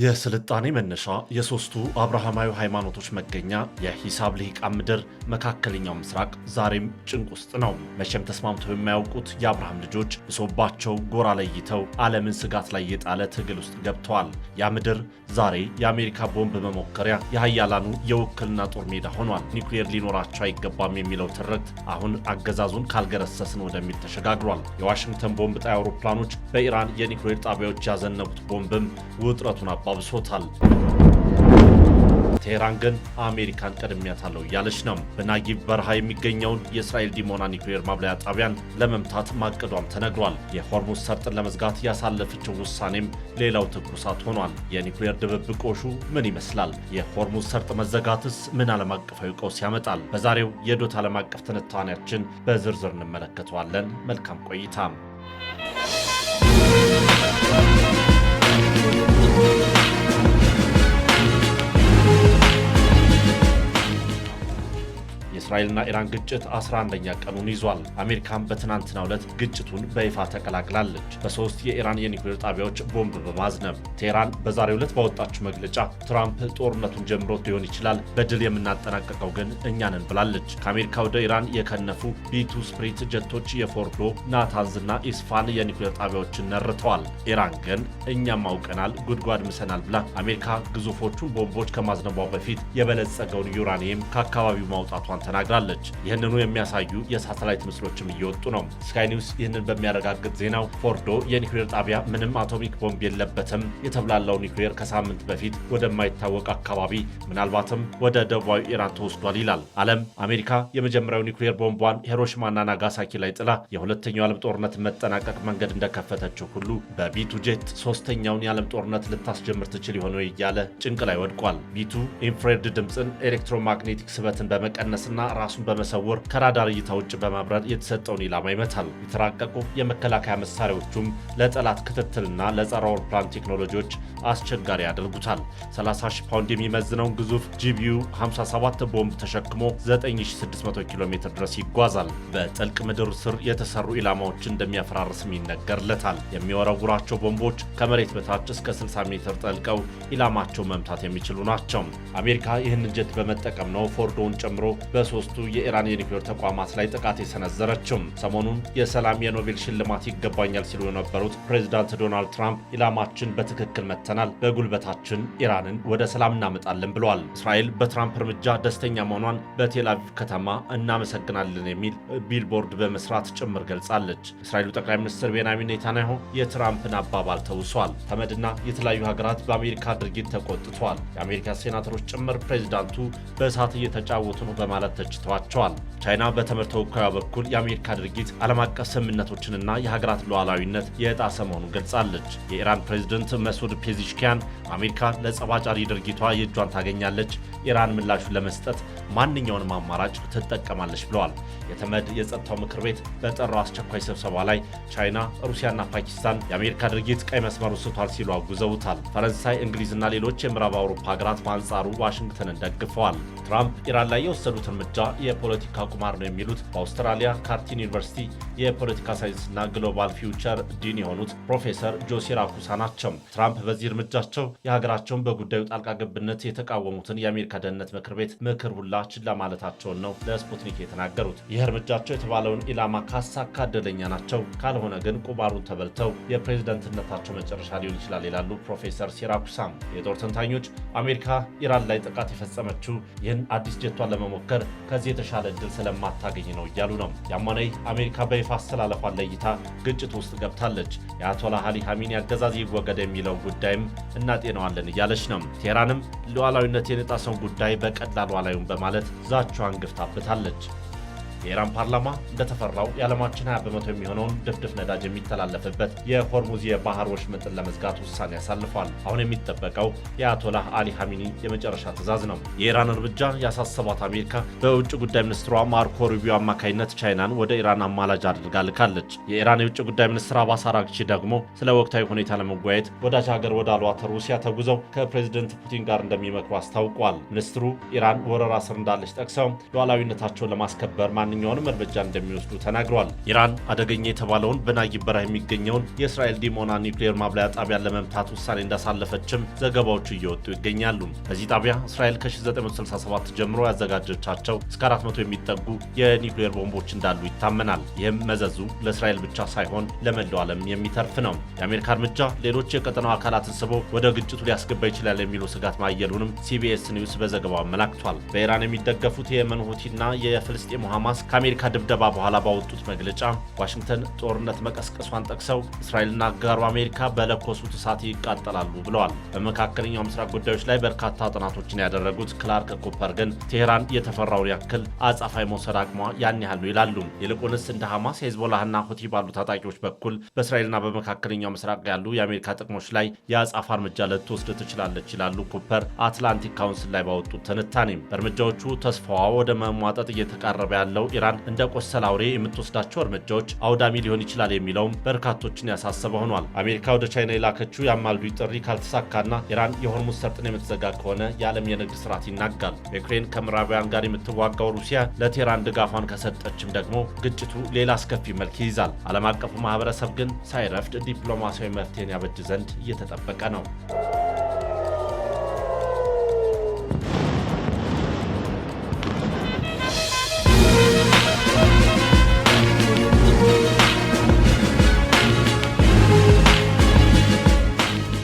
የስልጣኔ መነሻ የሶስቱ አብርሃማዊ ሃይማኖቶች መገኛ የሂሳብ ልሂቃን ምድር መካከለኛው ምስራቅ ዛሬም ጭንቅ ውስጥ ነው። መቼም ተስማምተው የማያውቁት የአብርሃም ልጆች ብሶባቸው ጎራ ለይተው ዓለምን ስጋት ላይ የጣለ ትግል ውስጥ ገብተዋል። ያ ምድር ዛሬ የአሜሪካ ቦምብ መሞከሪያ የሀያላኑ የውክልና ጦር ሜዳ ሆኗል። ኒውክሌር ሊኖራቸው አይገባም የሚለው ትርክት አሁን አገዛዙን ካልገረሰስን ወደሚል ተሸጋግሯል። የዋሽንግተን ቦምብ ጣይ አውሮፕላኖች በኢራን የኒውክሌር ጣቢያዎች ያዘነቡት ቦምብም ውጥረቱን አባብሶታል። ቴህራን ግን አሜሪካን ቀድሚያታለሁ እያለች ነው። በናጊብ በረሃ የሚገኘውን የእስራኤል ዲሞና ኒውክሌር ማብለያ ጣቢያን ለመምታት ማቀዷም ተነግሯል። የሆርሙስ ሰርጥን ለመዝጋት ያሳለፈችው ውሳኔም ሌላው ትኩሳት ሆኗል። የኒውክሌር ድብብቆሹ ምን ይመስላል? የሆርሙስ ሰርጥ መዘጋትስ ምን ዓለም አቀፋዊ ቀውስ ያመጣል? በዛሬው የዶት ዓለም አቀፍ ትንታኔያችን በዝርዝር እንመለከተዋለን። መልካም ቆይታ። በእስራኤልና ኢራን ግጭት 11ኛ ቀኑን ይዟል። አሜሪካን በትናንትናው ዕለት ግጭቱን በይፋ ተቀላቅላለች፣ በሶስት የኢራን የኒውክሌር ጣቢያዎች ቦምብ በማዝነብ ቴህራን በዛሬው ዕለት ባወጣችው መግለጫ ትራምፕ ጦርነቱን ጀምሮት ሊሆን ይችላል፣ በድል የምናጠናቀቀው ግን እኛንን ብላለች። ከአሜሪካ ወደ ኢራን የከነፉ ቢቱ ስፕሪት ጀቶች የፎርዶ ናታንዝና ኢስፋን የኒውክሌር ጣቢያዎችን ነርተዋል። ኢራን ግን እኛም አውቀናል፣ ጉድጓድ ምሰናል ብላ አሜሪካ ግዙፎቹን ቦምቦች ከማዝነቧ በፊት የበለጸገውን ዩራኒየም ከአካባቢው ማውጣቷን ተናግ ተናግራለች። ይህንኑ የሚያሳዩ የሳተላይት ምስሎችም እየወጡ ነው። ስካይ ኒውስ ይህንን በሚያረጋግጥ ዜናው ፎርዶ የኒውክሌር ጣቢያ ምንም አቶሚክ ቦምብ የለበትም፣ የተብላላው ኒውክሌር ከሳምንት በፊት ወደማይታወቅ አካባቢ ምናልባትም ወደ ደቡባዊ ኢራን ተወስዷል ይላል። ዓለም አሜሪካ የመጀመሪያው ኒውክሌር ቦምቧን ሄሮሽማና ናጋሳኪ ላይ ጥላ የሁለተኛው ዓለም ጦርነት መጠናቀቅ መንገድ እንደከፈተችው ሁሉ በቢቱ ጄት ሶስተኛውን የዓለም ጦርነት ልታስጀምር ትችል የሆነ እያለ ጭንቅ ላይ ወድቋል። ቢቱ ኢንፍሬድ ድምፅን ኤሌክትሮማግኔቲክ ስበትን በመቀነስና ራሱን በመሰወር ከራዳር እይታ ውጭ በማብረር የተሰጠውን ኢላማ ይመታል። የተራቀቁ የመከላከያ መሳሪያዎቹም ለጠላት ክትትልና ለጸረ አውሮፕላን ቴክኖሎጂዎች አስቸጋሪ ያደርጉታል። 30 ሺህ ፓውንድ የሚመዝነውን ግዙፍ ጂቢዩ 57 ቦምብ ተሸክሞ 9600 ኪሎ ሜትር ድረስ ይጓዛል። በጥልቅ ምድር ስር የተሰሩ ኢላማዎችን እንደሚያፈራርስም ይነገርለታል። የሚወረውራቸው ቦምቦች ከመሬት በታች እስከ 60 ሜትር ጠልቀው ኢላማቸው መምታት የሚችሉ ናቸው። አሜሪካ ይህንን ጀት በመጠቀም ነው ፎርዶውን ጨምሮ በሶስት በሶስቱ የኢራን የኒውክሌር ተቋማት ላይ ጥቃት የሰነዘረችም። ሰሞኑን የሰላም የኖቤል ሽልማት ይገባኛል ሲሉ የነበሩት ፕሬዚዳንት ዶናልድ ትራምፕ ኢላማችን በትክክል መተናል፣ በጉልበታችን ኢራንን ወደ ሰላም እናመጣለን ብለዋል። እስራኤል በትራምፕ እርምጃ ደስተኛ መሆኗን በቴላቪቭ ከተማ እናመሰግናለን የሚል ቢልቦርድ በመስራት ጭምር ገልጻለች። እስራኤሉ ጠቅላይ ሚኒስትር ቤንያሚን ኔታንያሁ የትራምፕን አባባል ተውሷል። ተመድና የተለያዩ ሀገራት በአሜሪካ ድርጊት ተቆጥቷል። የአሜሪካ ሴናተሮች ጭምር ፕሬዚዳንቱ በእሳት እየተጫወቱ ነው በማለት ተች ተችተዋቸዋል። ቻይና በትምህርት ተወካዩ በኩል የአሜሪካ ድርጊት ዓለም አቀፍ ስምምነቶችንና የሀገራት ሉዓላዊነት የጣሰ መሆኑን ገልጻለች። የኢራን ፕሬዝደንት መሱድ ፔዚሽኪያን አሜሪካ ለጸባጫሪ ድርጊቷ የእጇን ታገኛለች፣ ኢራን ምላሹን ለመስጠት ማንኛውንም አማራጭ ትጠቀማለች ብለዋል። የተመድ የጸጥታው ምክር ቤት በጠራው አስቸኳይ ስብሰባ ላይ ቻይና፣ ሩሲያና ፓኪስታን የአሜሪካ ድርጊት ቀይ መስመሩ ስቷል ሲሉ አጉዘውታል። ፈረንሳይ፣ እንግሊዝና ሌሎች የምዕራብ አውሮፓ ሀገራት በአንጻሩ ዋሽንግተንን ደግፈዋል። ትራምፕ ኢራን ላይ የወሰዱት እርምጃ ደረጃ የፖለቲካ ቁማር ነው የሚሉት በአውስትራሊያ ካርቲን ዩኒቨርሲቲ የፖለቲካ ሳይንስና ግሎባል ፊውቸር ዲን የሆኑት ፕሮፌሰር ጆሲራኩሳ ናቸው። ትራምፕ በዚህ እርምጃቸው የሀገራቸውን በጉዳዩ ጣልቃ ገብነት የተቃወሙትን የአሜሪካ ደህንነት ምክር ቤት ምክር ሁላ ችላ ማለታቸውን ነው ለስፑትኒክ የተናገሩት። ይህ እርምጃቸው የተባለውን ኢላማ ካሳካ እድለኛ ናቸው፣ ካልሆነ ግን ቁማሩን ተበልተው የፕሬዝደንትነታቸው መጨረሻ ሊሆን ይችላል ይላሉ ፕሮፌሰር ሲራኩሳ የጦር ተንታኞች አሜሪካ ኢራን ላይ ጥቃት የፈጸመችው ይህን አዲስ ጀቷን ለመሞከር ከዚህ የተሻለ እድል ስለማታገኝ ነው እያሉ ነው። ያማናይ አሜሪካ በይፋ አስተላለፏን ለይታ ግጭት ውስጥ ገብታለች። የአያቶላ አሊ ሀሚኒ አገዛዝ ይወገድ የሚለው ጉዳይም እናጤነዋለን እያለች ነው። ቴህራንም ሉዓላዊነት የነጣሰውን ጉዳይ በቀላሉ አላዩም በማለት ዛቻዋን ግፍታብታለች። የኢራን ፓርላማ እንደተፈራው የዓለማችን 20 በመቶ የሚሆነውን ድፍድፍ ነዳጅ የሚተላለፍበት የሆርሙዝ የባህር ወሽመጥን ለመዝጋት ውሳኔ ያሳልፏል። አሁን የሚጠበቀው የአያቶላህ አሊ ሐሚኒ የመጨረሻ ትዕዛዝ ነው። የኢራን እርምጃ ያሳሰባት አሜሪካ በውጭ ጉዳይ ሚኒስትሯ ማርኮ ሩቢዮ አማካኝነት ቻይናን ወደ ኢራን አማላጅ አድርጋ ልካለች። የኢራን የውጭ ጉዳይ ሚኒስትር አባስ አራግቺ ደግሞ ስለ ወቅታዊ ሁኔታ ለመወያየት ወዳጅ ሀገር ወደ አሏተ ሩሲያ ተጉዘው ከፕሬዚደንት ፑቲን ጋር እንደሚመክሩ አስታውቋል። ሚኒስትሩ ኢራን ወረራ ስር እንዳለች ጠቅሰው ሉዓላዊነታቸውን ለማስከበር ማንኛውንም እርምጃ እንደሚወስዱ ተናግሯል። ኢራን አደገኛ የተባለውን በናጊ በረሃ የሚገኘውን የእስራኤል ዲሞና ኒውክሌር ማብላያ ጣቢያን ለመምታት ውሳኔ እንዳሳለፈችም ዘገባዎቹ እየወጡ ይገኛሉ። በዚህ ጣቢያ እስራኤል ከ1967 ጀምሮ ያዘጋጀቻቸው እስከ 400 የሚጠጉ የኒውክሌር ቦምቦች እንዳሉ ይታመናል። ይህም መዘዙ ለእስራኤል ብቻ ሳይሆን ለመላው ዓለም የሚተርፍ ነው። የአሜሪካ እርምጃ ሌሎች የቀጠናው አካላትን ስቦ ወደ ግጭቱ ሊያስገባ ይችላል የሚሉ ስጋት ማየሉንም ሲቢኤስ ኒውስ በዘገባው አመላክቷል። በኢራን የሚደገፉት የየመን ሁቲና የፍልስጤሙ ሐማስ ቢያንስ ከአሜሪካ ድብደባ በኋላ ባወጡት መግለጫ ዋሽንግተን ጦርነት መቀስቀሷን ጠቅሰው እስራኤልና አጋሩ አሜሪካ በለኮሱት እሳት ይቃጠላሉ ብለዋል። በመካከለኛው ምስራቅ ጉዳዮች ላይ በርካታ ጥናቶችን ያደረጉት ክላርክ ኮፐር ግን ቴሄራን የተፈራውን ያክል አጻፋ የመውሰድ አቅሟ ያን ያህል ነው ይላሉ። ይልቁንስ እንደ ሐማስ፣ ሄዝቦላህና ሁቲ ባሉ ታጣቂዎች በኩል በእስራኤልና በመካከለኛው ምስራቅ ያሉ የአሜሪካ ጥቅሞች ላይ የአጻፋ እርምጃ ልትወስድ ትችላለች ይላሉ ኩፐር አትላንቲክ ካውንስል ላይ ባወጡት ትንታኔ። በእርምጃዎቹ ተስፋዋ ወደ መሟጠጥ እየተቃረበ ያለው ኢራን እንደ ቆሰለ አውሬ የምትወስዳቸው እርምጃዎች አውዳሚ ሊሆን ይችላል የሚለውም በርካቶችን ያሳሰበ ሆኗል። አሜሪካ ወደ ቻይና የላከችው የአማልዱ ጥሪ ካልተሳካና ኢራን የሆርሙዝ ሰርጥን የምትዘጋ ከሆነ የዓለም የንግድ ስርዓት ይናጋል። ዩክሬን ከምዕራባውያን ጋር የምትዋጋው ሩሲያ ለቴህራን ድጋፏን ከሰጠችም ደግሞ ግጭቱ ሌላ አስከፊ መልክ ይይዛል። ዓለም አቀፉ ማህበረሰብ ግን ሳይረፍድ ዲፕሎማሲያዊ መፍትሄን ያበጅ ዘንድ እየተጠበቀ ነው።